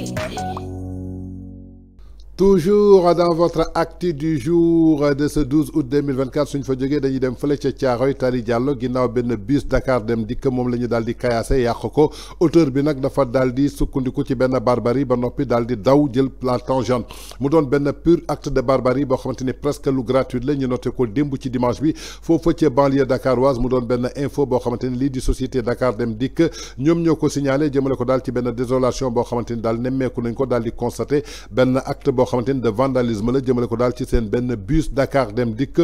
Yeah. toujours dans votre acte du jour de ce 12 août 2024 suñ fa jógee dañuy dem fële ca Thiaroye Tari Diallo ginnaw ben bus Dakar dem dik moom la ñu daal di kayaase auteur bi nak dafa daldi di ci ben barbarie ba nopi daldi daw jël la tangente mu don ben pur acte de barbarie bo xamanteni presque lu gratuit la ñu noté ko démb ci dimanche bi fofu ci banlieue dakaroise mu don ben info bo xamanteni li di société Dakar dem dik ñom ñoko ko jëmele ko dal ci ben désolation bo xamanteni dal daal nañ ko daldi constater constaté acte boo xamante ni de vandalisme la jëmale ko daal ci seen benn bus Dakar dem dikk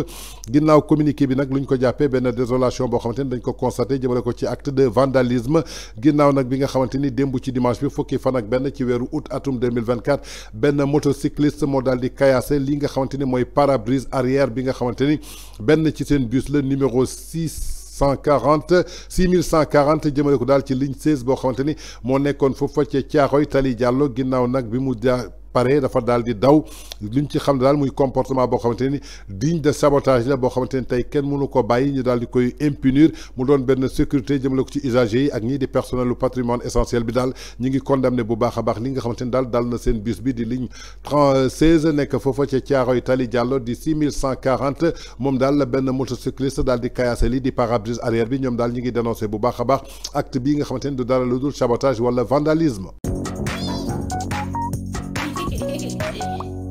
ginnaaw communiqué bi nag luñ ko jàppee benn désolation boo xamante ni dañ ko constaté jëmale ko ci acte de vandalisme ginnaaw nag bi nga xamante ni démb ci dimanche bi fukki fan ak benn ci weeru août atum 2024 benn motocycliste moo daal di caillassé li nga xamante ni mooy pare-brise arrière bi nga xamante ni benn ci seen bus la numéro 6. 140 6140 jëmale ko daal ci ligne 16 boo xamante ni moo nekkoon foofu fa Caaxoy Tali diallo ginnaaw nag bi mu ja pare dafa daldi daw luñ ci xam dal muy comportement bo xamanteni ni digne de sabotage la bo xamanteni tay tey kenn mënu ko bayyi ñu daldi koy impunir mu doon benn sécurité jëmale ko ci usager yi ak ñi di personnel lu patrimoine essentiel bi dal ñi ngi condamné bu baax a baax li nga xamanteni dal dal na seen bus bi di ligne 16 nekk foofa ca Thiaroye Tali Diallo di 6140 mom dal la benn motocycliste daal di kayase li di pare arrière bi ñom dal ñi ngi dénoncer bu baax a baax acte bi nga xamanteni du dara lu dul sabotage wala vandalisme Hey.